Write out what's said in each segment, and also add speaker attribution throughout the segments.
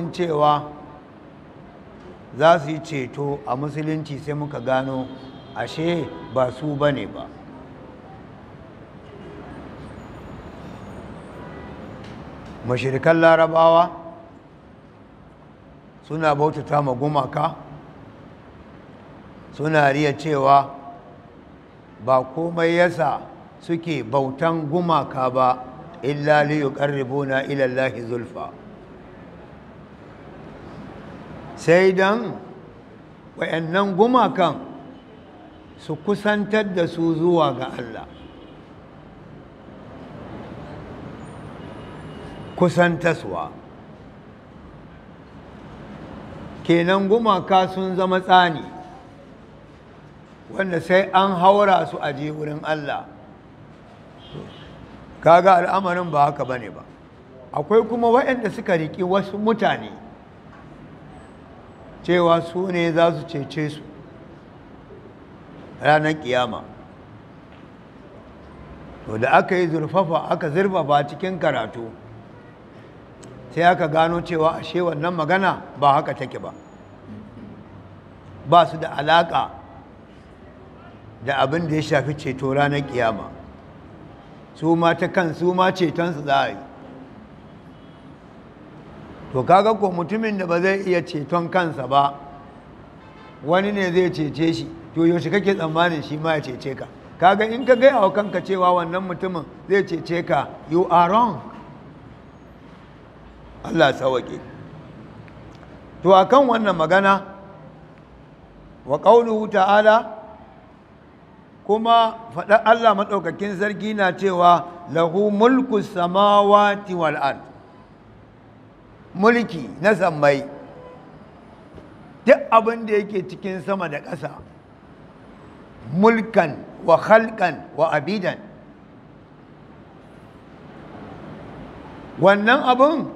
Speaker 1: in cewa za su yi ceto a musulunci sai muka gano ashe ba su ba ne ba mashirikan larabawa suna bautata ma gumaka suna riya cewa ba komai yasa suke bautan gumaka ba illa liyuqarribuna na ilallahi zulfa sai don wayannan gumakan su kusantar da su zuwa ga Allah kusantaswa kenan gumaka sun zama tsani wanda sai an haura su a wurin Allah kaga al'amarin ba haka bane ba akwai kuma waɗanda suka riƙi wasu mutane cewa su ne za su cece su ranar kiyama to da aka yi zurfafa aka zurfafa cikin karatu sai aka gano cewa ashe wannan magana ba haka take ba ba su da alaka da abin da ya shafi ceto ranar kiyama su ma ta kan su ma cetonsu za a yi to kaga ko mutumin da ba zai iya ceton kansa ba wani ne zai cece shi to yaushe kake tsammanin shi ma ya cece ka kaga in ka gaya wa kanka cewa wannan mutumin zai cece ka you are wrong Allah sawake to akan wannan magana wa qauluhu ta'ala kuma faɗa Allah maɗaukakin sarki na cewa lahu mulku samawati wal ard mulki na sammai duk abin da yake cikin sama da ƙasa mulkan wa halkan wa abidan wannan abin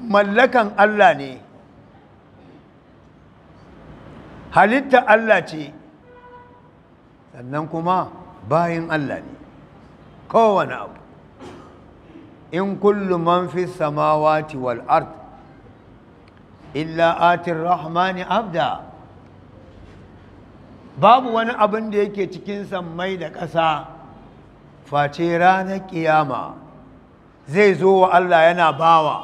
Speaker 1: mallakan Allah ne halitta Allah ce sannan kuma bayan Allah ne kowane abu in kullum man fi samawati wal ard illa atir rahmani abda babu wani abin da yake cikin sammai da ƙasa face ranar ƙiyama zai zo wa Allah yana bawa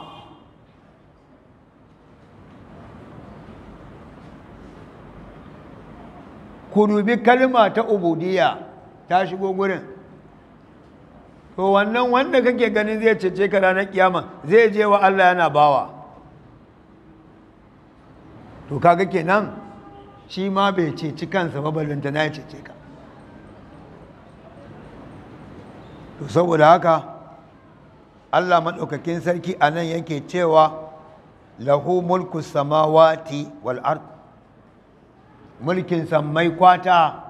Speaker 1: ku dubi kalma ta ubudiya ta shigo gurin to wannan wanda kake ganin zai cece ka ranar kiyama zai je wa Allah yana bawa to kaga kenan shi ma bai ceci kansa ba ballanta na ya cece ka to saboda haka Allah maɗaukakin sarki anan yake cewa lahu mulku samawati wal ard mulkin sammai kwata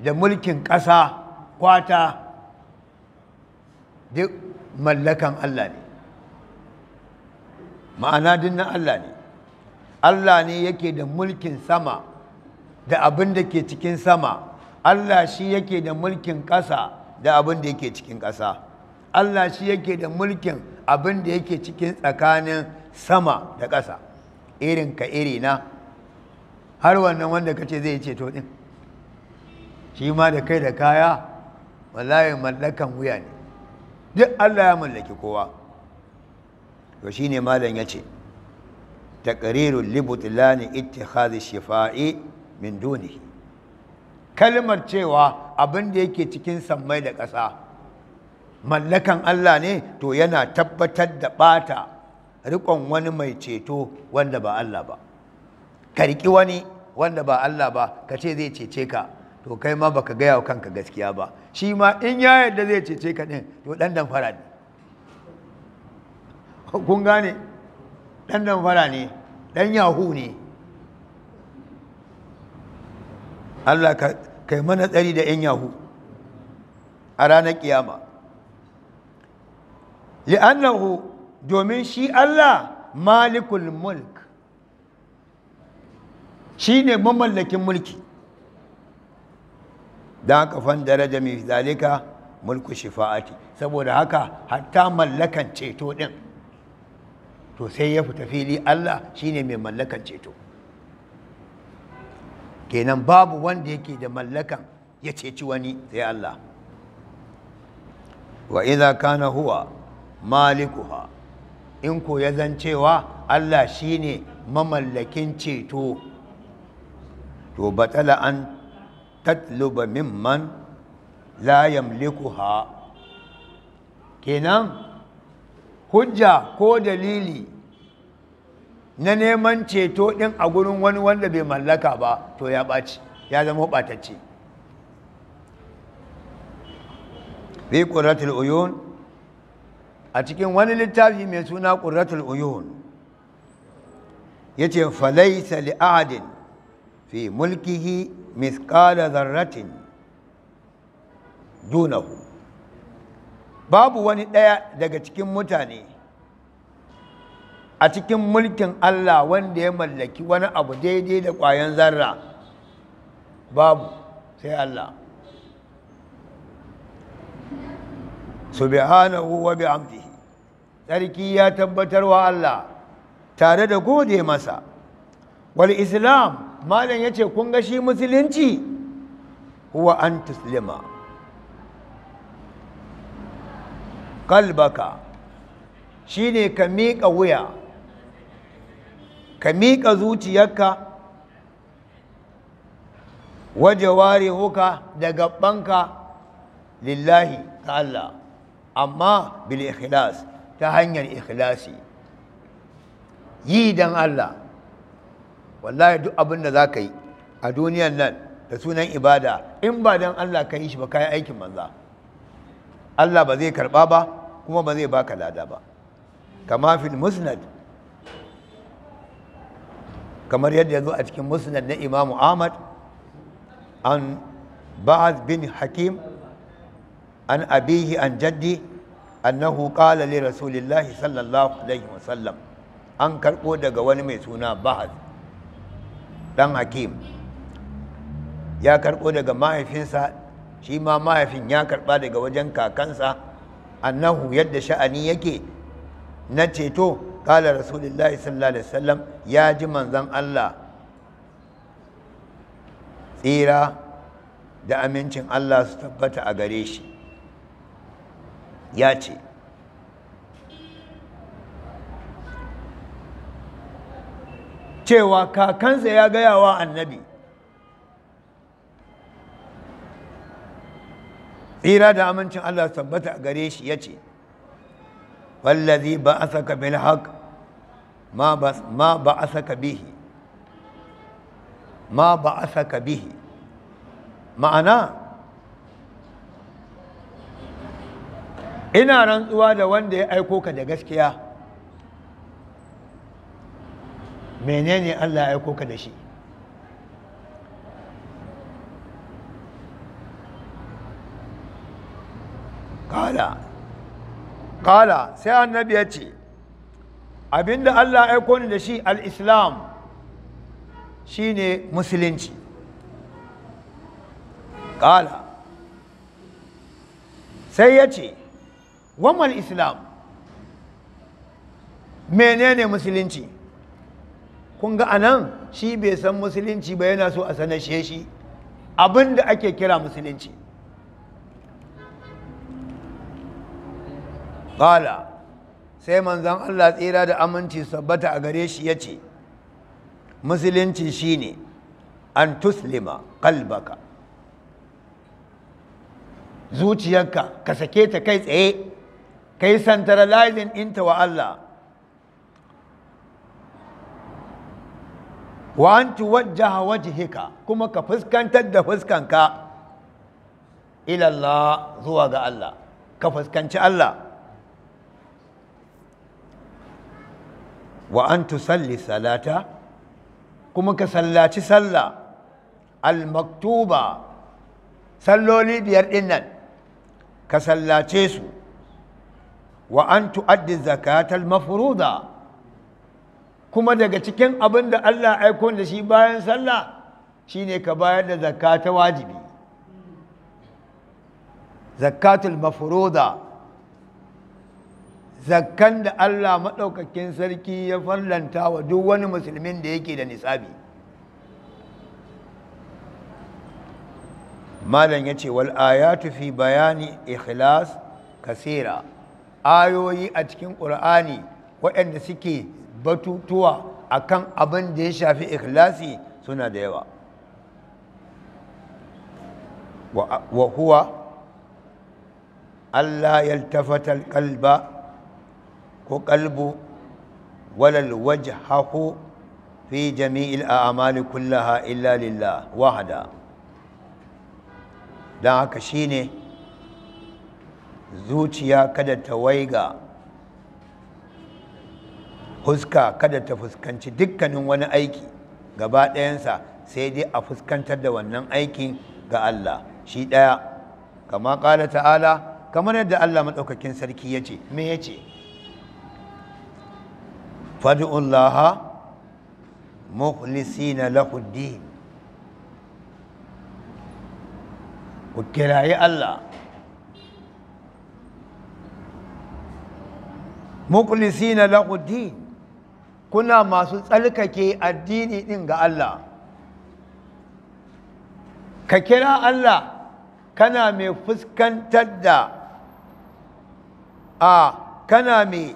Speaker 1: da mulkin ƙasa kwata duk mallakan Allah ne ma'ana dinnan Allah ne Allah ne yake da mulkin sama da abin da ke cikin sama Allah shi yake da mulkin ƙasa da abin da yake cikin ƙasa Allah shi yake da mulkin abin da yake cikin tsakanin sama da ƙasa irin ka iri na har wannan wanda kace zai ce to ceto ɗin shi ma da kai da kaya wallahi mallakan wuya ne duk Allah ya mallaki kowa to shine malam yace taqrirul libutlan ittikhadhi shifa'i min dunihi kalmar cewa abin da yake cikin sammai da ƙasa mallakan Allah ne to yana tabbatar da ɓata, riƙon wani mai ceto wanda ba Allah ba ka riƙi wani wanda ba Allah ba ka ce zai cece ka to kai ma baka gaya wa kanka gaskiya ba shi ma in ya yarda zai cece ka ɗin to ɗan damfara ne kun gane ɗan damfara ne ɗan yahu ne Allah ka kai mana tsari da 'yan yahu a ranar kiyama li'annahu domin shi Allah malikul mulk shi ne mamallakin mulki da kafan fan daraja mai zalika mulku shifa'ati saboda haka hatta mallakan ceto din to sai ya fita fili Allah shine mai mallakan ceto kenan babu wanda yake da mallakan ya ceci wani sai Allah wa idza kana huwa malikuha in ko ya zan cewa Allah shine mamallakin ceto to batala an tatluba mimman la yamlikuha kenan hujja ko dalili na neman ceto din a gurin wani wanda bai mallaka ba to ya ɓaci ya zama ɓatacce fi ƙurratul uyun a cikin wani littafi mai suna ƙurratul uyun ya ce falaisa li'adin fi mulkihi miskala zarratin dunahu babu wani ɗaya daga cikin mutane a cikin mulkin Allah wanda ya mallaki wani abu daidai da ƙwayan zarra babu sai Allah subhanahu wa bihamdihi sarki ya tabbatar wa Allah tare da gode masa wal islam malam ya ce kun ga shi musulunci huwa an tuslima kalbaka shi ne ka miƙa wuya ka miƙa zuciyarka waje ware huka da gabanka lillahi ta Allah amma bil ikhlas ta hanyar ikhlasi yi dan Allah wallahi duk abin da za ka yi a duniyan nan da sunan ibada in ba don Allah ka yi shi ba ka yi aikin manza Allah ba zai karɓa ba kuma ba zai baka lada ba kama musnad kamar yadda ya zo a cikin musnad na imamu ahmad an ba'az bin hakim an abihi an jaddi annahu qala li rasulillahi sallallahu alaihi wasallam an karɓo daga wani mai suna ba'az ɗan hakim ya karɓo daga mahaifinsa shi ma mahaifin ya karɓa daga wajen kakansa annahu yadda sha'ani yake na ceto kala rasulullahi sallallahu alaihi wasallam ya ji manzan Allah tsira da amincin Allah su tabbata a gare shi ya ce cewa kakansa ya gaya wa annabi tsira da amincin Allah tabbata a gare shi yace wallazi ba a bil haqq ma ba a saka bihi ma ba a saka bihi ma'ana ina rantsuwa da wanda ya aiko ka da gaskiya menene Allah ya aiko da shi kala kala sai annabi ya ce abinda Allah ya aiko da shi al-islam shi ne musulunci kala sai ya ce wamal islam menene musulunci kun ga anan shi bai san musulunci ba yana so a sanashe shi abin da ake kira musulunci Bala sai manzan Allah tsira da aminci sabbata a gare shi ya ce musulunci shi ne an tuslima kalbaka zuciyarka ka sake ta kai tsaye ka yi santaralizin ɗinta wa Allah wa an tuwajjaha wajhika kuma ka fuskantar da fuskanka ila zuwa ga Allah ka fuskanci Allah wa salli salata kuma ka sallaci sallah al-maktuba salloli biyar din nan ka sallace su wa addin tu'addi zakatal kuma daga cikin abin da Allah aiko da shi bayan sallah shine ka bayar da zakka ta wajibi zakatul mafruda zakkan da Allah maɗaukakin sarki ya fallanta wa duk wani musulmin da yake da nisabi malam ya ce wal ayatu fi bayani ikhlas kasira ayoyi a cikin ƙur'ani waɗanda suke batutuwa akan abin da ya shafi ikhlasi suna da yawa wa huwa Allah yaltafata kalba ko kalbu walal wajhahu fi jami'il a'mali kullaha illa lillah wahda dan haka shine zuciya kada ta waiga huska kada ta fuskanci dukkanin wani aiki gaba ɗayansa sai dai a fuskantar da wannan aikin ga Allah shi ɗaya kama ƙala ta'ala kamar yadda Allah maɗaukakin sarki ya ce me ya ce fadu'ullaha mukhlisina lahuddin ku kirayi Allah mukhlisina lahuddin kuna masu tsarkake addini ɗin ga Allah ka kira Allah kana mai fuskantar da a kana mai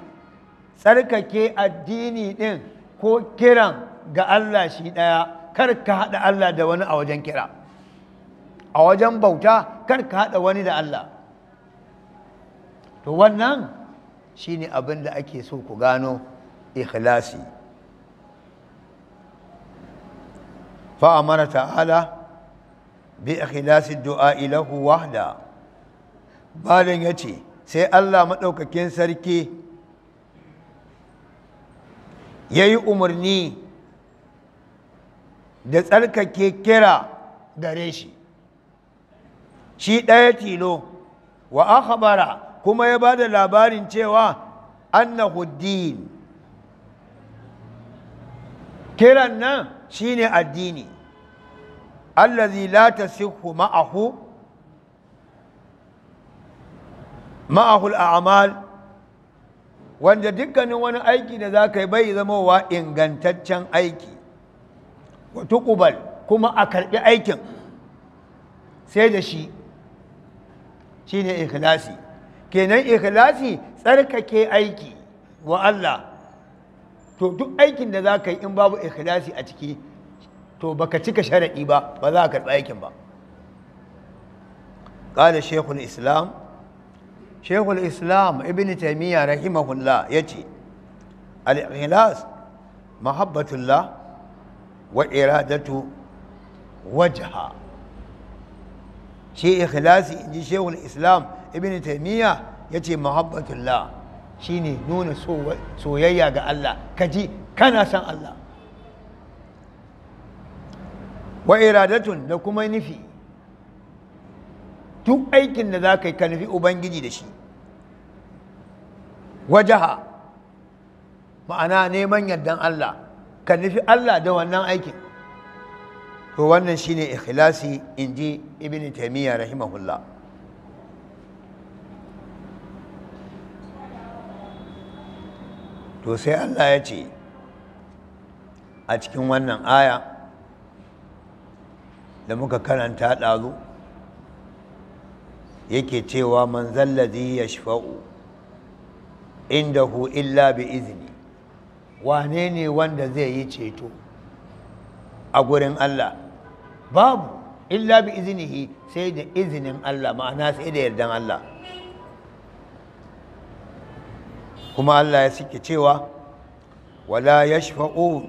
Speaker 1: tsarkake addini ɗin ko kiran ga Allah shi ɗaya kar ka haɗa Allah da wani a wajen kira a wajen bauta kar ka haɗa wani da Allah to wannan shi ne abin da ake so ku gano ikhlasi fa amara ta'ala bi ikhlasi du'a ilahu wahda balin yace sai Allah maɗaukakin sarki yayi umarni da tsarkake kira gare shi shi ɗaya tilo wa akhbara kuma ya bada labarin cewa annahu kiran nan shine addini allazi la tasihhu ma'ahu ma'ahu al'amal wanda dukkanin wani aiki da za ka yi bai zamowa ingantaccen aiki Wata tuqbal kuma a karɓi aikin sai da shi shine ikhlasi kenan ikhlasi tsarkake aiki wa Allah to duk aikin da za ka yi in babu ikhlasi a ciki to baka cika sharaɗi ba ba za ka karɓi aikin ba ƙala shekul islam shekul islam ibn taimiyya rahimahullah ya ce al-ikhlas mahabbatullah wa iradatu wajha shi ikhlasi in ji shekul islam ibn taimiyya ya ce mahabbatullah shine nuna soyayya ga Allah kaji kana san Allah wa iradatun da kuma nufi duk aikin da za ka yi ka nufi ubangiji da shi wajaha ma'ana neman yardan Allah ka nufi Allah da wannan aikin to wannan shine ikhlasi inji ibn taymiyyah rahimahullah to sai Allah ya ce a cikin wannan aya da muka karanta ɗazu yake cewa man zallazi ya shafa'u hu illa bi izini wane ne wanda zai yi ceto a gurin Allah babu illa bi izinihi sai da izinin Allah ma'ana sai da yardan Allah kuma Allah ya sike cewa wala yashfa'un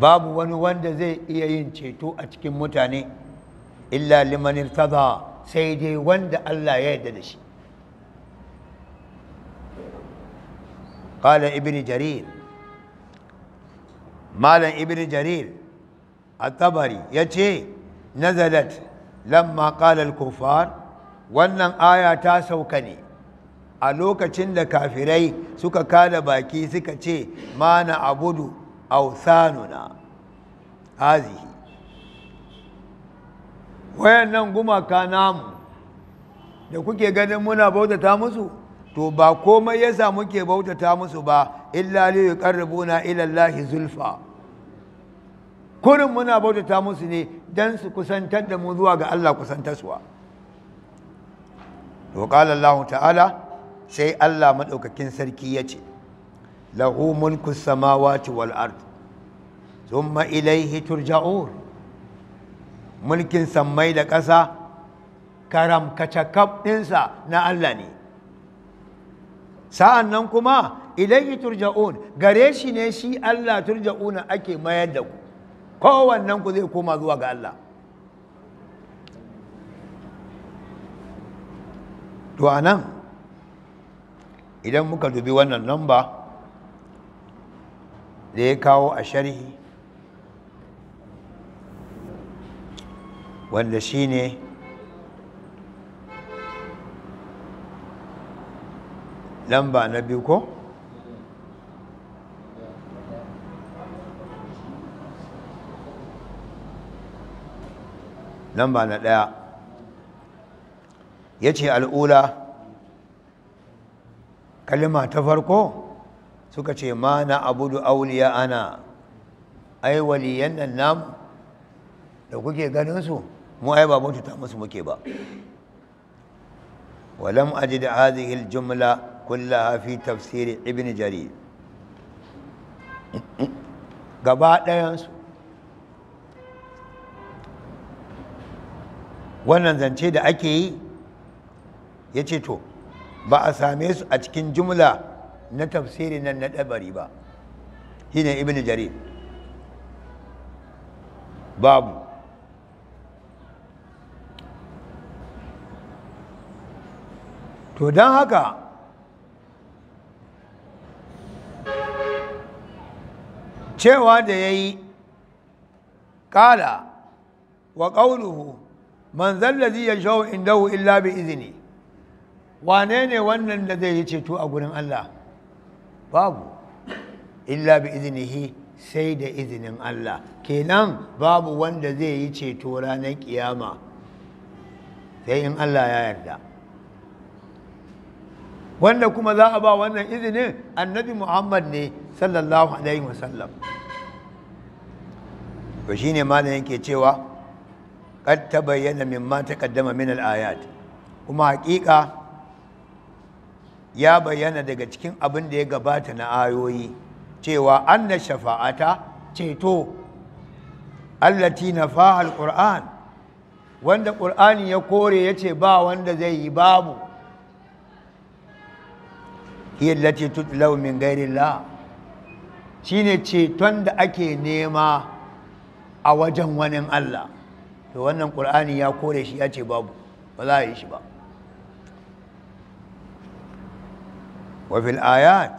Speaker 1: babu wani wanda zai iya yin ceto a cikin mutane illa limanin irtada sai dai wanda Allah ya yarda da shi qala ibnu jarir malam ibnu jarir at-tabari yace nazalat lamma ƙalar kufar wannan aya ta sauka ne a lokacin da kafirai suka kada baki suka ce mana abudu ausanuna hazihi wayannan gumaka namu da kuke ganin muna bautata musu to ba komai yasa muke bautata musu ba illa li yuqarribuna ila Allahi zulfa kurin muna bautata musu ne dan su kusantar da mu zuwa ga Allah kusantarsuwa to qala Allah ta'ala sai Allah maɗaukakin sarki ya ce lahu mulku samawati wal sun ma’ilai hitur turja'un mulkin sammai da ƙasa karam kacakaf ɗinsa na Allah ne sa'an nan kuma ilaihi turja'un gare shi ne shi Allah turja'una ake mayar da ku kowannen ku zai koma zuwa ga Allah to nan. idan muka dubi wannan namba da ya kawo a sharhi wanda shi ne lamba na biyu ko? lamba na ɗaya ya ce al'ula Kalima ta farko suka ce ma na abudu auliya ana ai waliyan nan nam da kuke ganin su mu ai ba ta musu muke ba walam ajid hadhihi aljumla kullaha fi tafsir ibn jarir gaba su. wannan zance da ake yi ya ce to ba a same su a cikin jumla na tafsiri nan na ɗabari ba shine ibn jarir babu to don haka cewa da ya yi ƙala wa ƙauluhu man zallazi ya shawo indahu illa bi izini wane ne wannan da zai yi ceto a gurin Allah babu illa bi izinihi sai da izinin Allah kenan babu wanda zai yi ceto ranar kiyama sai in Allah ya yarda wanda kuma za a ba wannan izinin annabi Muhammad ne sallallahu alaihi wasallam to shine malamin yake cewa min ma ta kaddama min al kuma haƙiƙa ya bayyana daga cikin abin da ya gabata na ayoyi cewa anna shafa'ata ceto allati nafaha alquran wanda qur'ani ya kore ce ba wanda zai yi babu hiya allati tutlaw min ghairillah shine ceton da ake nema a wajen wani Allah to wannan qur'ani ya kore shi yace babu ba za a yi shi ba wa fil ayat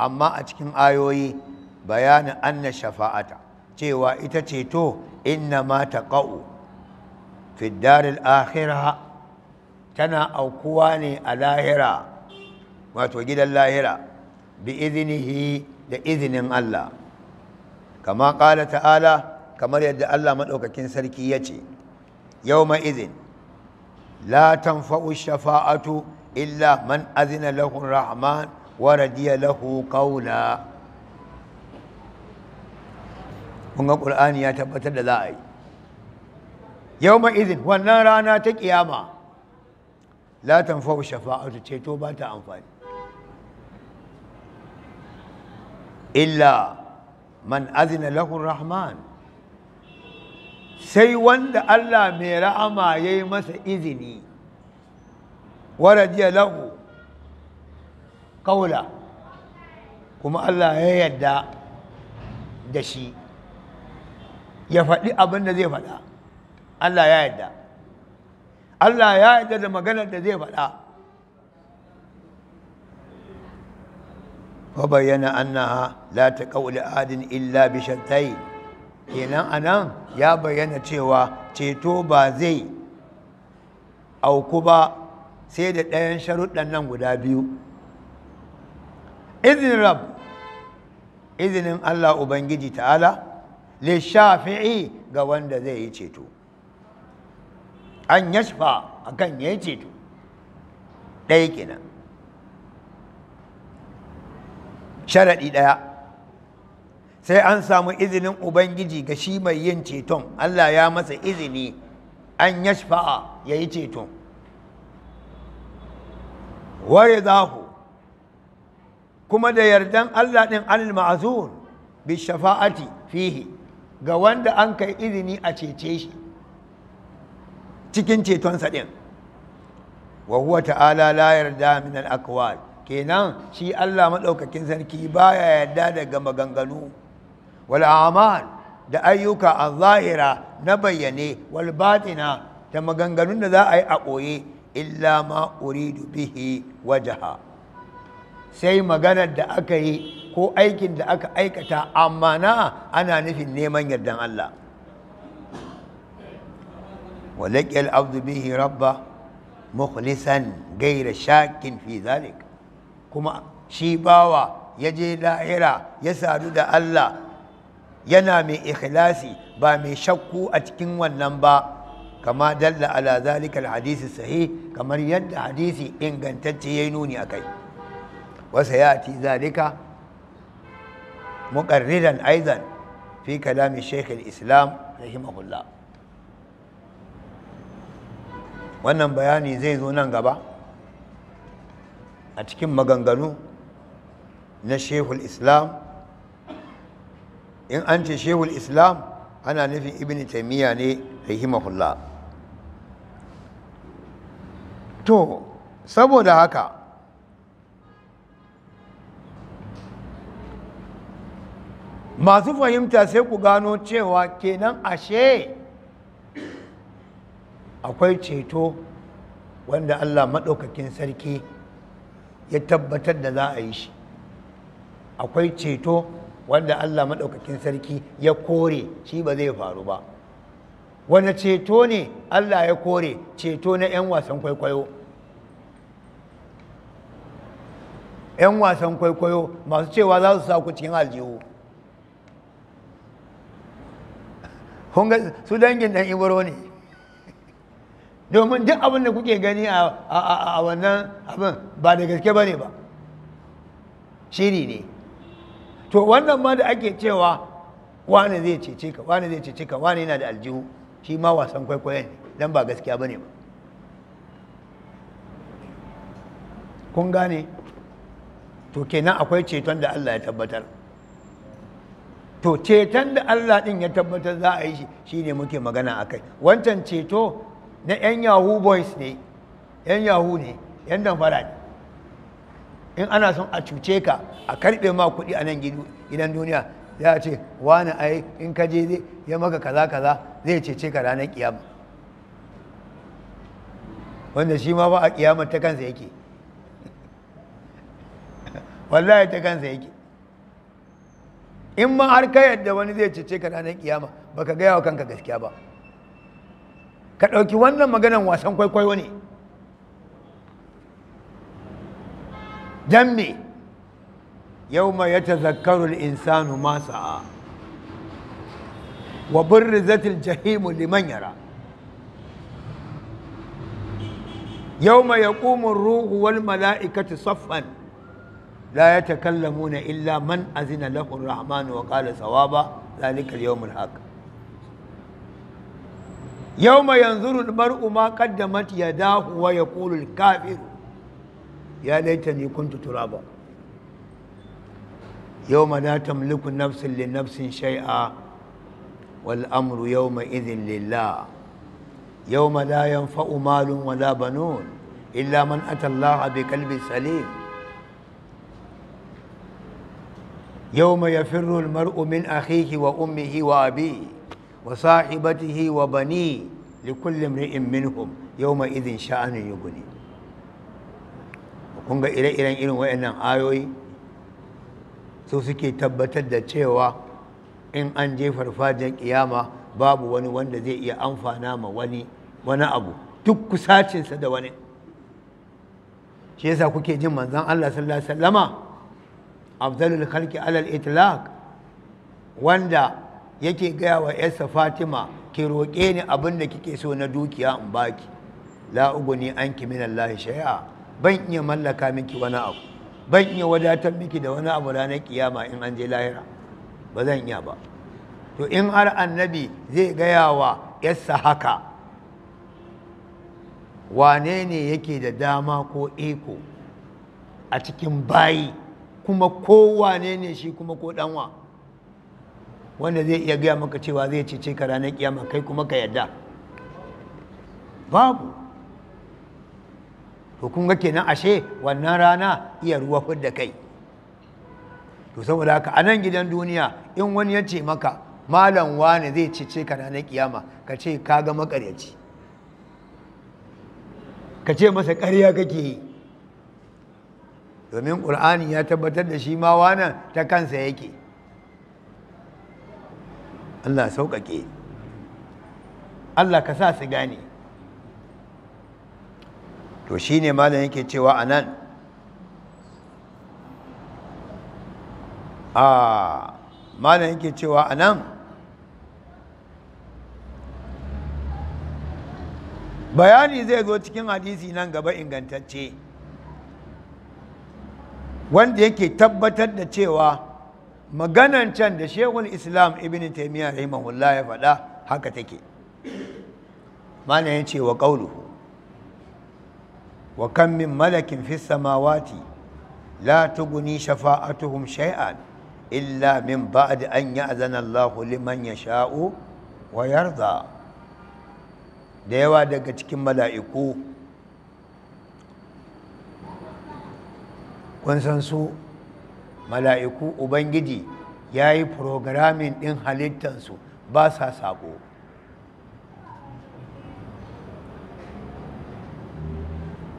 Speaker 1: amma a cikin ayoyi bayanin anna shafa'ata cewa ita ceto inna ma taqau fi daril akhirah tana aukuwa ne a lahira wato gidan lahira bi iznihi da izinin Allah kama qala ta'ala kamar yadda Allah madaukakin sarki yace yawma izin la tanfa'u shafa'atu illa man azina lahu rahman wa radiya lahu qawla kun ga ya tabbatar da za a yi yawma idin wannan rana ta kiyama la tanfa'u shafa'atu ceto ba ta amfani illa man azina sai wanda Allah mai ra'ama ya yi masa izini waradiya lahu kaula kuma Allah ya yarda da shi ya faɗi abin da zai faɗa Allah ya yarda Allah ya yarda da maganar da zai faɗa wa bayyana annaha la taqaw adin illa bi kenan anan ya bayyana cewa ceto ba zai auku ba sai da ɗayan sharuɗan nan guda biyu izinin rab izinin allah ubangiji ta'ala le shafi'i ga wanda zai yi ceto an shafa a kan ya yi ceto ɗaya kenan sharaɗi ɗaya sai an samu izinin ubangiji ga shi mai yin ceton allah ya masa izini an shafa ya yi ceton ware zahu kuma da yardan Allah ɗin al-ma'azun bi shafa'ati fihi ga wanda an kai izini a cece shi cikin cetonsa ɗin wa huwa ta'ala la yarda min al-aqwal kenan shi Allah maɗaukakin sarki baya yarda daga maganganu wal a'mal da ayyuka a zahira na bayyane wal batina da maganganun da za a yi a ɓoye illa ma uridu bihi wajaha sai maganar da aka yi ko aikin da aka aikata amma na ana nufin neman yardan Allah walaƙiyar abdu bihi rabba mukhlisan gaira shakin fi zalik kuma shi bawa ya je da'ira ya sadu da Allah yana mai ikhlasi ba mai shakku a cikin wannan ba kama dalla ala zalikal hadisi sahi kamar yadda hadisi ingantacce yayi nuni akai wa sayati zalika muqarriran aidan fi kalami shaykh al-islam rahimahullah wannan bayani zai zo nan gaba a cikin maganganu na shaykhul islam in an ce shehul islam ana nufin ibn taimiyya ne rahimahullah to saboda haka masu fahimta sai ku gano cewa kenan ashe akwai ceto wanda Allah maɗaukakin sarki ya tabbatar da za a yi shi akwai ceto wanda Allah maɗaukakin sarki ya kore shi ba zai faru ba wane ceto ne Allah ya kore ceto na 'yan wasan kwaikwayo 'yan wasan kwaikwayo masu cewa za su sa ku cikin aljihu su dangin dan ibro ne domin duk abin da kuke gani a wannan abin ba da gaske ba ne ba shiri ne to wannan ma da ake cewa wani zai cece ka wani zai cece ka wani yana da aljihu shi ma wasan kwaikwayon ne don ba gaskiya ba ne ba kun gane to kenan akwai ceton da Allah ya tabbatar to ceton da Allah ɗin ya tabbatar za a yi shi shine muke magana akai wancan ceto na 'yan yahoo boys ne 'yan yahoo ne 'yan damfara ne in ana son a cuce ka a karɓe ma kuɗi a nan gidan duniya ya ce wani ai in ka je ya maka kaza kaza zai cece ka ranar kiyama wanda shi ma ba a kiyama ta kansa yake wallahi ta kansa yake in ma har ka yadda wani zai cece ka ranar kiyama baka gaya wa kanka gaskiya ba ka ɗauki wannan maganan wasan kwaikwayo ne don me yau ma ya tazakkaru insanu masa wa burrizatil jahimu liman yara yau ma ya ruhu wal mala'ikatu saffan لا يتكلمون إلا من أذن له الرحمن وقال صوابا ذلك اليوم الحق يوم ينظر المرء ما قدمت يداه ويقول الكافر يا ليتني كنت ترابا يوم لا تملك نفس لنفس شيئا والأمر يومئذ لله يوم لا ينفع مال ولا بنون إلا من أتى الله بقلب سليم يوم يفر المرء من أخيه وأمه وأبيه وصاحبته وبنيه لكل امرئ منهم يومئذ شأن يغني kun ga ire-iren irin wayannan ayoyi su suke tabbatar da cewa in an je farfajen kiyama babu wani wanda zai iya amfana ma wani wani abu duk kusacinsa da wani shi yasa kuke jin manzon Allah sallallahu alaihi wasallama afdalul khalqi alal itlaq wanda yake gaya wa yarsa fatima ki roƙe ni abin da kike so na dukiya in baki la uguni anki min Allah shay'a ban iya mallaka miki wani abu ban iya wadatar miki da wani abu ranar kiyama in an je lahira ba zan iya ba to in har annabi zai gaya wa yarsa haka wane ne yake da dama ko iko a cikin bayi kuma kowane ne shi kuma ko danwa wanda zai iya gaya maka cewa zai cece ka ranar kiyama kai kuma ka yadda babu to kun ga kenan ashe wannan rana iya ruwa da kai to saboda haka a nan gidan duniya in wani ya ce maka malam wane zai cece ka ranar kiyama ka ce ka ga makaryaci ka ce masa ƙarya kake yi domin ƙur'ani ya tabbatar da shi ma wannan ta kansa yake Allah sauƙaƙe Allah ka sa su gane to shi ne malam yake cewa a nan a malam yake cewa a nan bayani zai zo cikin hadisi nan gaba ingantacce wanda yake tabbatar da cewa maganan can da shekul islam ibn taimiyya rahimahullah ya faɗa haka take mana ya ce wa ƙauluhu wa kan min malakin fi samawati la tuguni shafa'atuhum shay'an illa min ba'd an ya'zana Allah liman yasha'u wa yarda da yawa daga cikin mala'iku kun san su mala'iku ubangiji ya yi programming ɗin halittansu ba sa saƙo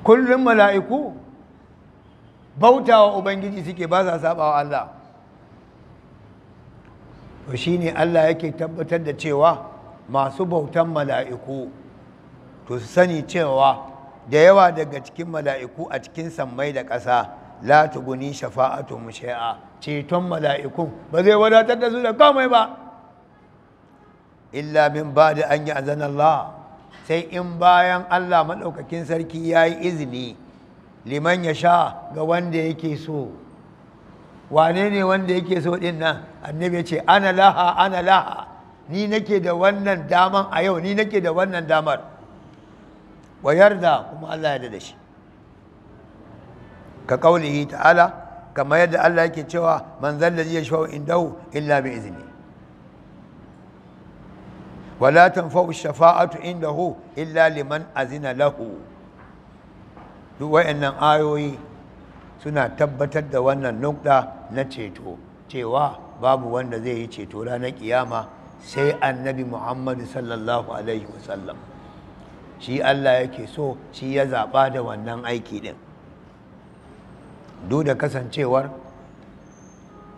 Speaker 1: kullum mala'iku bautawa ubangiji suke ba sa saɓawa Allah to shi ne Allah yake tabbatar da cewa masu bautan mala'iku to su sani cewa da yawa daga cikin mala'iku a cikin sammai da ƙasa la tuguni shafa'atuhum shai'a. ceton mala'ikun ba zai wadatar da su da komai ba illa min ba'da an ya'zana Allah sai in bayan Allah maɗaukakin sarki yayi izini liman ya sha ga wanda yake so wane ne wanda yake so din nan annabi ce ana laha ana laha ni nake da wannan daman a yau ni nake da wannan damar wayar da kuma Allah ya da shi ka qaulihi ta'ala kamar yadda Allah yake cewa man zallazi yashfa'u indahu illa bi izni wala tanfa'u shafa'atu indahu illa liman azina lahu duk wayannan ayoyi suna tabbatar da wannan nukta na ceto cewa babu wanda zai yi ceto ranar kiyama sai annabi Muhammadu sallallahu alaihi wasallam shi Allah yake so shi ya zaɓa da wannan aiki din duk da kasancewar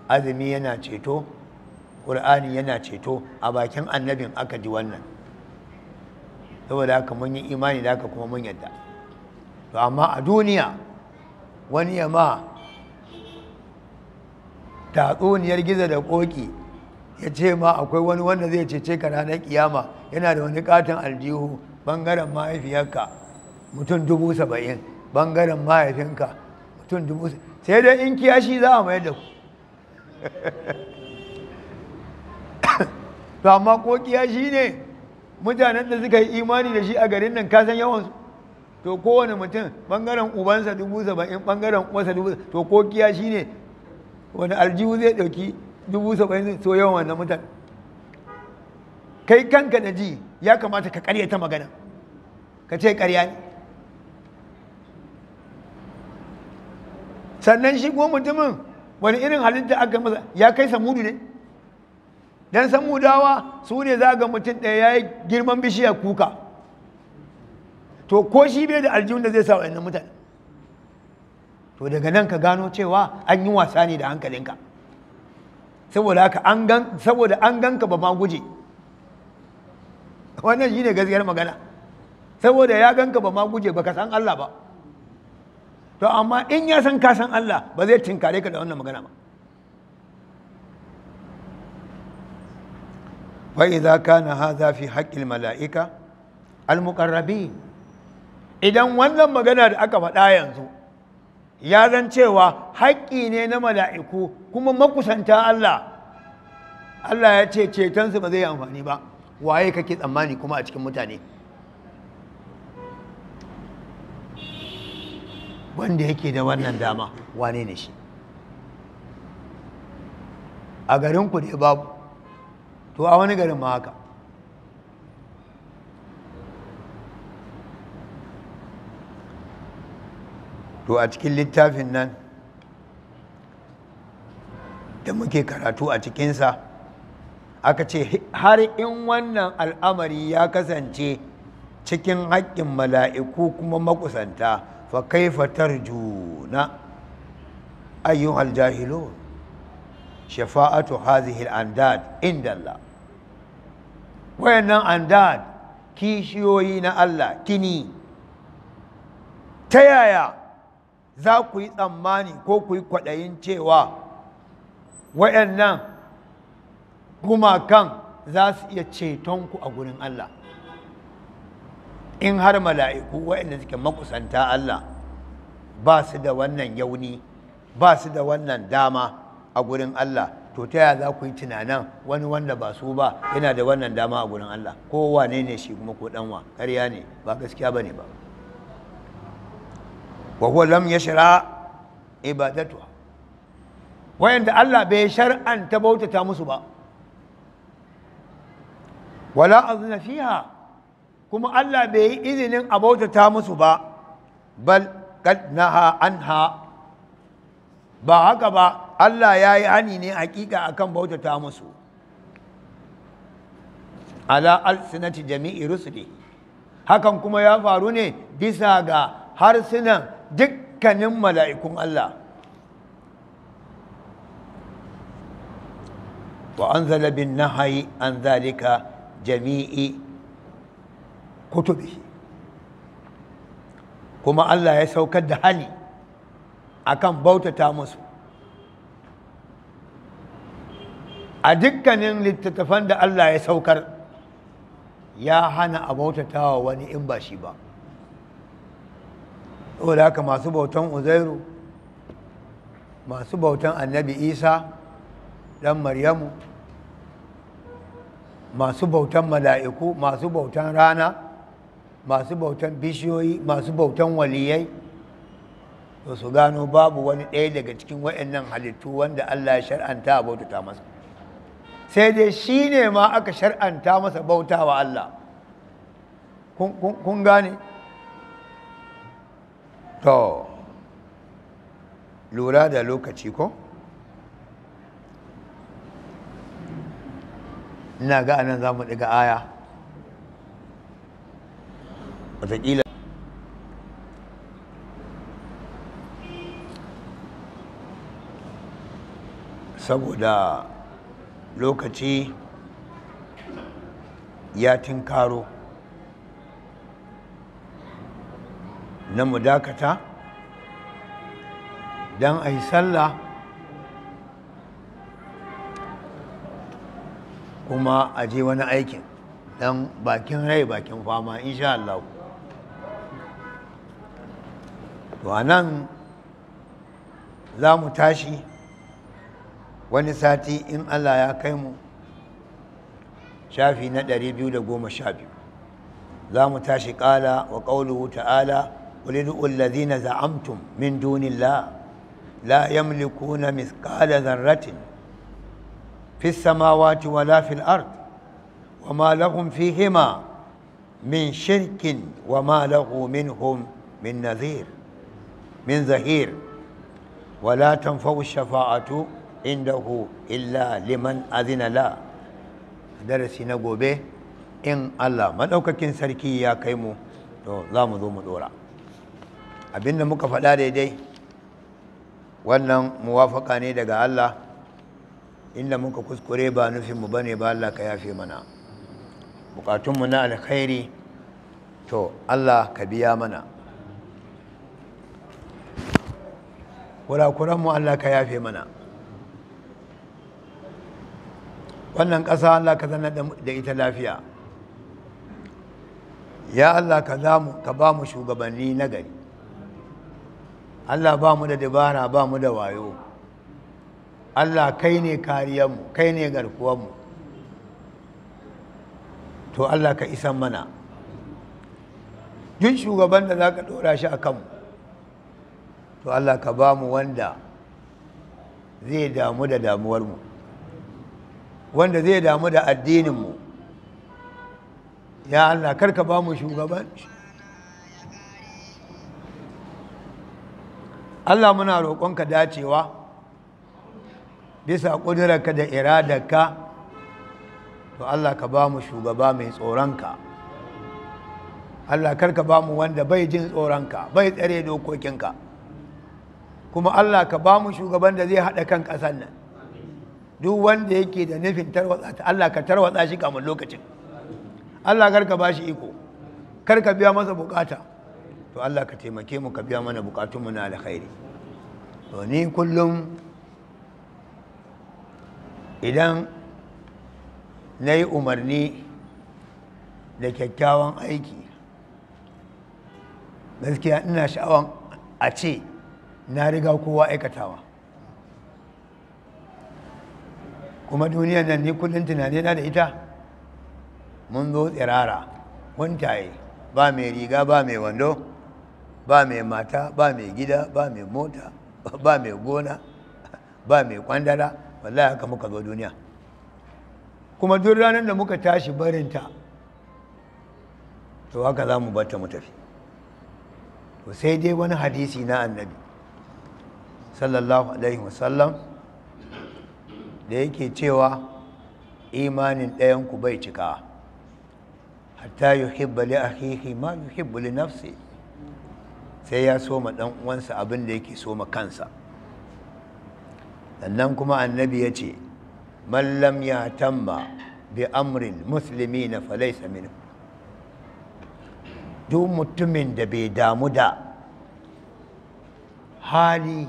Speaker 1: azumi yana ceto ƙur'ani yana ceto a bakin annabin aka ji wannan saboda haka mun yi imani da haka kuma mun yadda to amma a duniya wani ya ma tatsuniyar gizo da ƙoƙi ya ce ma akwai wani wanda zai cece ka ranar kiyama yana da wani katon aljihu bangaren mahaifiyarka mutum dubu saba'in bangaren mahaifinka dubu sai dai in shi za a mayar da ku to amma ko kiyashi ne mutanen da suka yi imani da shi a garin nan kasan yawansu to kowane mutum bangaren ubansa dubu saba'in bangaren wasa dubu to ko shi ne wani aljihu zai ɗauki dubu saba'in so yawan wannan mutan kai kanka da ji ya kamata ka karyata magana ka ce karya ne sannan shi ko mutumin wani irin halitta aka masa ya kai samudu ne dan samudawa su ne za ga mutum ɗaya ya yi girman bishiya kuka to ko shi bai da aljihun da zai sa wa'annan mutane to daga nan ka gano cewa an yi wasa ne da hankalinka saboda an gan ka ba ma guje wannan ne gaskiyar magana saboda ya ganka ba ma guje ka san Allah ba to amma in ya san ka san Allah ba zai tinkare ka da wannan magana ba fa idza kana hadha fi haqqil mala'ika al muqarrabin idan wannan magana da aka faɗa yanzu ya zan cewa haƙƙi ne na mala'iku kuma makusanta Allah Allah ya ce cetonsu ba zai amfani ba waye kake tsammani kuma a cikin mutane wanda yake da wannan dama wane ne shi a garinku dai babu to a wani garin ma haka to a cikin littafin nan da muke karatu a cikinsa aka ce har in wannan al'amari ya kasance cikin haƙƙin mala'iku kuma makusanta fa kaifa tarjuna ayyuhal jahilun shafa'atu hadhihi al-andad wayannan andad kishiyoyi na Allah kini ta yaya za ku yi tsammani ko ku yi kwaɗayin cewa wayannan gumakan za su iya ceton ku a gurin Allah in har mala'iku waɗanda suke makusanta Allah ba su da wannan yauni ba su da wannan dama a gurin Allah to ta yaya za ku yi tunanin wani wanda ba su ba yana da wannan dama a gurin Allah ko wane ne shi kuma ko ɗanwa, ƙarya ne ba gaskiya ba ne ba wa huwa lam yashra ibadatu wayanda Allah bai bauta bautata musu ba wala azna fiha kuma Allah bai yi izinin a bautata musu ba bal naha anha ba haka ba Allah ya yi hani ne hakika akan bautata musu ala sinati jami'i rusuli hakan kuma ya faru ne bisa ga harsunan dukkanin mala'ikun Allah wa anzala bin nahayi an zalika jami'i kutubi kuma Allah ya saukar da hali akan bautata musu a dukkanin littattafan da Allah ya saukar ya hana a bautata wa wani in ba shi ba saboda haka masu bautan uzairu masu bautan annabi isa dan maryamu masu bautan mala'iku masu bautan rana masu bautan bishiyoyi masu bautan waliyai to su gano babu wani ɗaya daga cikin waɗannan halittu wanda Allah ya shar'anta a bautata masa sai dai shi ne ma aka shar'anta masa bauta wa Allah kun gane to lura da lokaci ko ina ga anan za mu ɗiga aya wataƙila saboda lokaci ya tinkaro na mu dakata don a yi sallah kuma a je wani aikin don bakin rai bakin fama insha Allah وانا زامو تاشي ونساتي ان الله كيمو شافي ندري بيو لقوم الشابي زامو تاشي قال وقوله تعالى ولدؤوا الذين زعمتم من دون الله لا يملكون مثقال ذرة في السماوات ولا في الأرض وما لهم فيهما من شرك وما له منهم من نذير min zahir wala tanfa'u shafa'atu indahu illa liman azina la darasi na gobe in Allah maɗaukakin sarki ya kai mu to za mu zo mu dora abinda muka faɗa daidai wannan muwafaka ne daga Allah inda muka kuskure ba nufinmu ba ne ba Allah ka yafe mana bukatunmu na alkhairi to Allah ka biya mana Kura-kuranmu Allah ka yafe mana wannan ƙasa Allah ka zanna da ita lafiya ya Allah ka ka ba mu shugabanni na gari Allah ba mu da dabara ba mu da wayo Allah kai ne kariyanmu kai ne garkuwanmu to Allah ka isan mana duk shugaban da za ka ɗora shi a kanmu to Allah ka ba mu wanda zai damu da damuwarmu wanda zai damu da addininmu ya Allah karka ba mu shugaban Allah muna roƙonka dacewa bisa ƙudurarka da iradarka to Allah ka ba mu shugaba mai tsoronka Allah karka ba mu wanda bai jin tsoronka bai tsare dokokinka kuma Allah ka ba mu shugaban da zai haɗa kan ƙasar nan duk wanda yake da nufin tarwatsa ta Allah ka tarwatsa shi mun lokacin Allah kar ka ba shi iko kar ka biya masa bukata to Allah ka taimake mu ka biya mana mu na alkhairi to ni kullum idan na yi umarni da kyakkyawan aiki gaskiya ina sha'awan a ce na riga kowa aikatawa kuma duniya nan ni kullum tunani na da ita mun zo tsirara kuntaye ba mai riga ba mai wando ba mai mata ba mai gida ba mai mota ba mai gona ba mai kwandala wallahi haka muka zo duniya kuma duk ranar da muka tashi barinta to haka za mu batta mu tafi to sai dai wani hadisi na annabi sallallahu alaihi wasallam da yake cewa imanin ɗayanku bai cika hatta hibbali a akhihi ma yuhibbu li nafsi sai ya soma ɗan uwansa abin da yake soma kansa sannan kuma annabi ya ce Mallam ya tamma bi amrin na falaysa minhu duk mutumin da bai damu da hali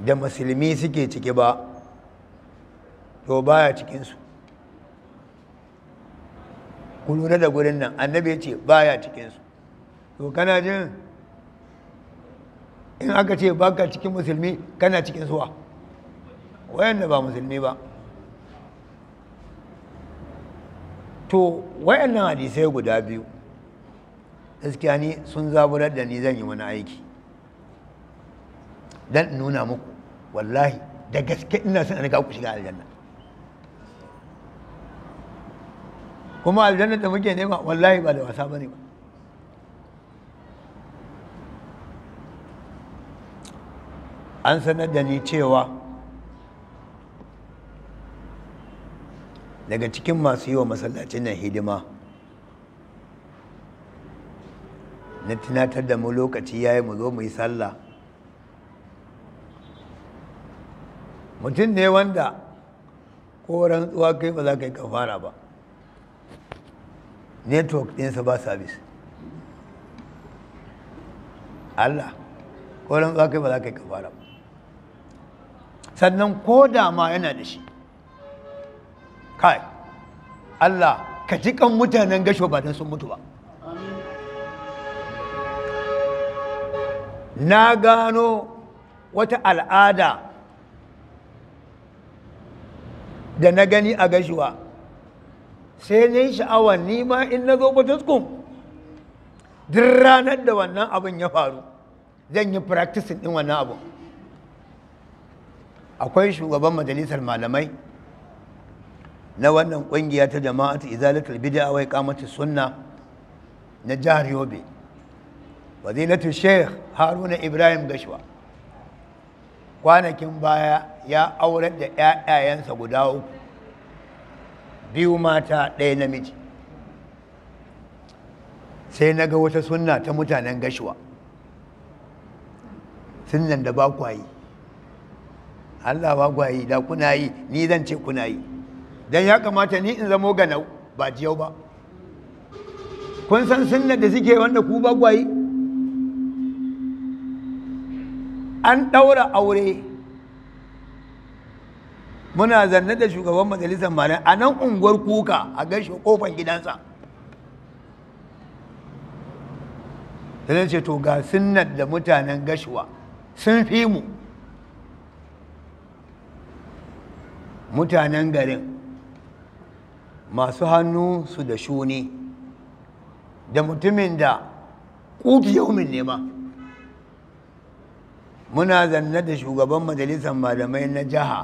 Speaker 1: da musulmi suke ciki ba to baya cikinsu ku da gurin nan annabi ya ce baya cikinsu to kana jin in aka ce baka cikin musulmi kana cikin suwa wayanda ba musulmi ba to wayannan hadisai guda biyu gaskiya ni sun zaburar da ni zan yi wani aiki dan in nuna muku wallahi da gaske ina son an ga ku shiga aljanna kuma aljanna da muke nema wallahi ba da wasa bane ba an sanar da ni cewa daga cikin masu yi wa masallacin nan hidima na tunatar da mu lokaci ya yi mu zo mu yi sallah mutum ne wanda ko rantsuwa kai ba za ka yi kafara ba network ɗinsa ba sabis Allah ko rantsuwa kai ba za ka yi kafara ba sannan ko da ma yana da shi kai Allah ka ji kan mutanen gasho ba don sun mutu ba na gano wata al'ada da na gani a gashuwa sai na yi ni nima in na zo bataskun duk ranar da wannan abin ya faru zan yi practicing din wannan abu akwai shugaban majalisar malamai na wannan kungiya ta jama'atu izalatul bid'a wai kamata sunna na jihar yobe wazilatu sheikh haruna ibrahim gashwa kwanakin baya ya aurar da ‘ya'yayensa guda uku biyu mata ɗaya namiji sai na ga wata sunna ta mutanen gashuwa Sunan da ba kwayi Allah ba kwayi da kuna yi ni zan ce kuna yi don ya kamata ni in zamo ganau ba jiyau ba kun san sunan da suke wanda ku ba kwayi an ɗaura aure muna zanne da shugaban majalisar malam a nan unguwar kuka a gaishe kofan gidansa sai ce to ga sunan da mutanen gashuwa sun fi mu mutanen garin masu hannu su da shuni da mutumin da ƙuti yaumin nema muna zanne da shugaban majalisar malamai na jiha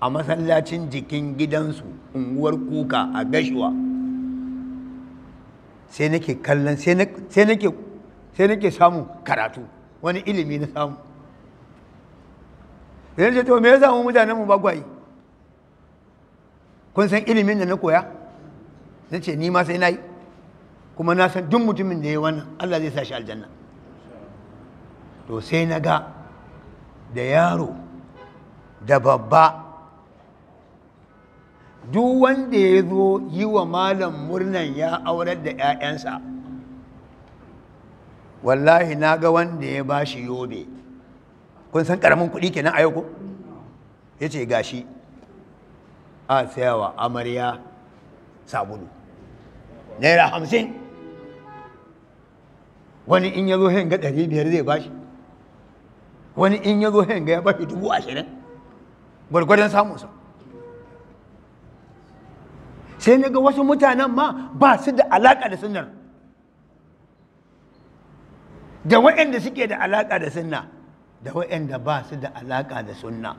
Speaker 1: a masallacin jikin gidansu unguwar kuka a gashuwa sai nake kallon sai nake samun karatu wani ilimi na samu ce to me ya samu mutanen mu bagwai kun san ilimin da na koya na ce ni ma sai na yi kuma na san duk mutumin da ya yi wannan allah zai sa shi aljanna to sai na ga da yaro da babba duk wanda ya zo yi wa malam murnan ya aurar da 'ya'yansa wallahi na ga wanda ya ba shi yobe kun san ƙaramin kuɗi kenan a yau ya ce gashi a tsayawa amarya sabulu naira hamsin wani in ya zo hin ga ɗari biyar zai ba shi wani in ya zo hanga ya bashi dubu ashirin gwargwadon samunsa sai na ga wasu mutanen ma ba su da alaƙa da sunnar da waɗanda suke da alaƙa da sunna da waɗanda ba su da alaƙa da sunna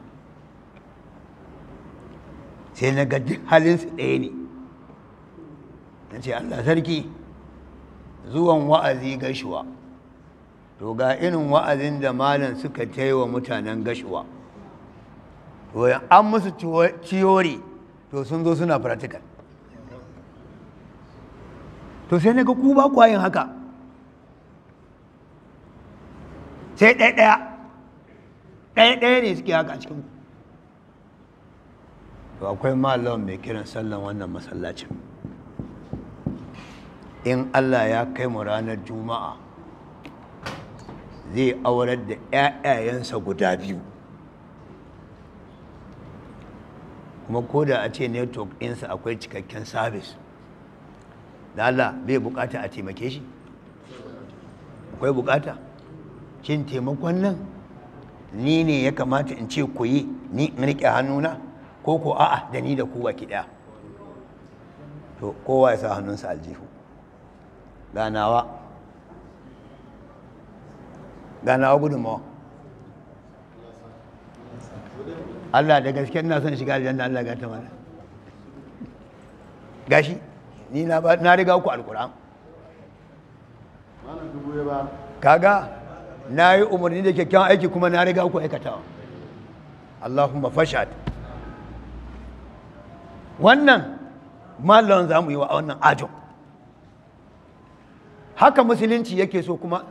Speaker 1: sai na ga duk halinsu ɗaya ne na ce allah sarki zuwan wa'azi gaishuwa to ga irin wa'azin da malam suka ta yi wa mutanen gashuwa to an musu ciyori to sun zo suna practical to sai ne ga ku ba kwayin haka sai ɗaya-ɗaya ɗaya-ɗaya ne suke haka a cikin to akwai malam mai kiran sallan wannan masallacin in allah ya kai mu ranar juma'a zai aurar da 'ya'yayensa guda biyu kuma ko da a ce network ɗinsa akwai cikakken sabis lala bai bukata a taimake shi akwai bukata shin taimakon nan ni ne ya kamata in ce ku ni in riƙe hannuna ko ko a'a da ni da kowa ki ɗaya to kowa ya sa hannunsa aljihu ganawa gana wa gudunmu Allah da gaske na son shiga aljanna Allah ga ta mana gashi ni na riga ku alkur'an kaga na yi umarni da kyakkyawan aiki kuma na riga ku aikatawa Allahumma fashad wannan mallon za mu yi wa wannan ajo. haka musulunci yake so kuma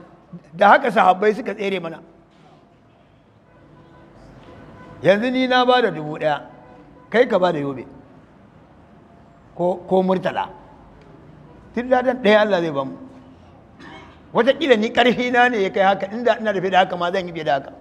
Speaker 1: da haka sahabbai suka tsere mana yanzu ni na ba da dubu ɗaya kai ka ba da yobe ko murtala tun dadan ɗaya Allah zai mu. watakila ni ƙarfi na ne ya kai haka inda ina da fi da haka ma zan yi fiye da haka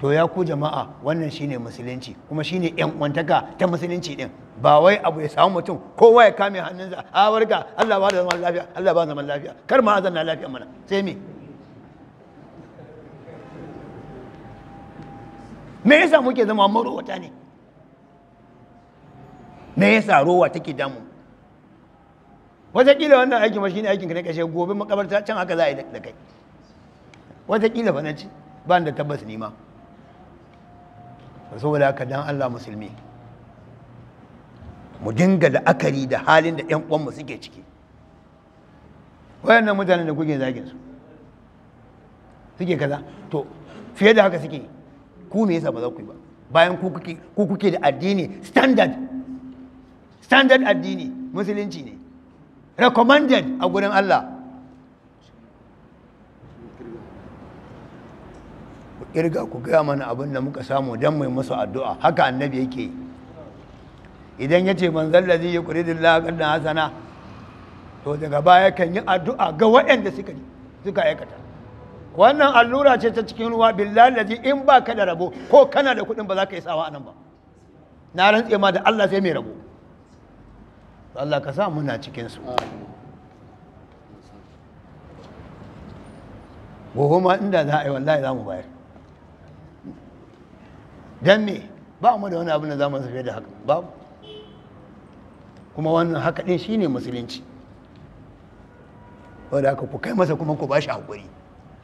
Speaker 1: to ya ku jama'a wannan shine musulunci kuma shine yan uwantaka ta musulunci din ba wai abu ya samu mutum kowa ya kame hannunsa a warka Allah ba da zaman lafiya Allah ba zaman lafiya kar ma azan na lafiya mana sai me me yasa muke zama wata ne me yasa rowa take damu kila wannan aikin ma shine aikin ka ne kashe gobe makabarta can haka za a yi da kai kila ba na ci ba da tabbas ni ma saboda haka dan Allah musulmi mu dinga la'akari da halin da 'yan uwanmu suke ciki wayannan mutanen da kuke zagin su suke kaza to fiye da haka suke ku me yasa ba za ku yi ba bayan ku kuke da addini standard standard addini musulunci ne recommended a gurin Allah ku kirga ku gaya mana abin da muka samu don mai musu addu'a haka annabi yake yi idan ya ce manzan lazi ya kuri dilla da hasana to daga baya kan yi addu'a ga waɗanda suka aikata wannan allura ce ta cikin ruwa billahi lazi in ba ka da rabo ko kana da kuɗin ba za ka yi sawa a nan ba na rantse ma da Allah sai mai rabo Allah ka sa muna cikinsu gobe ma inda za a yi wallahi za mu bayar don me ba mu da wani abin da za mu fiye da haka babu kuma wannan haka ɗin shi ne musulunci wadda aka ku kai masa kuma ku ba shi haƙuri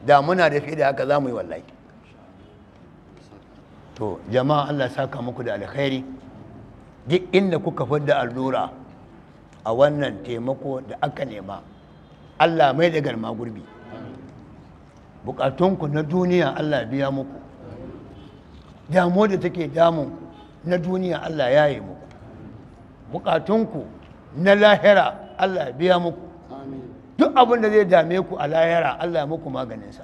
Speaker 1: da muna da fiye da haka za mu yi wallahi to jama'a allah saka muku da alkhairi duk inda kuka fadda allura a wannan taimako da aka nema allah mai da garma gurbi bukatunku na duniya allah biya muku damu da take damun na duniya allah ya yi muku bukatunku na lahira Allah biya muku duk abin da zai dame ku a lahira Allah muku maganinsa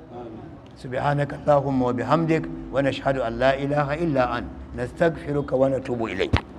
Speaker 1: subhanaka allahumma wa bihamdik wa nashhadu an la ilaha illa an nastaghfiruka wa natubu ilayk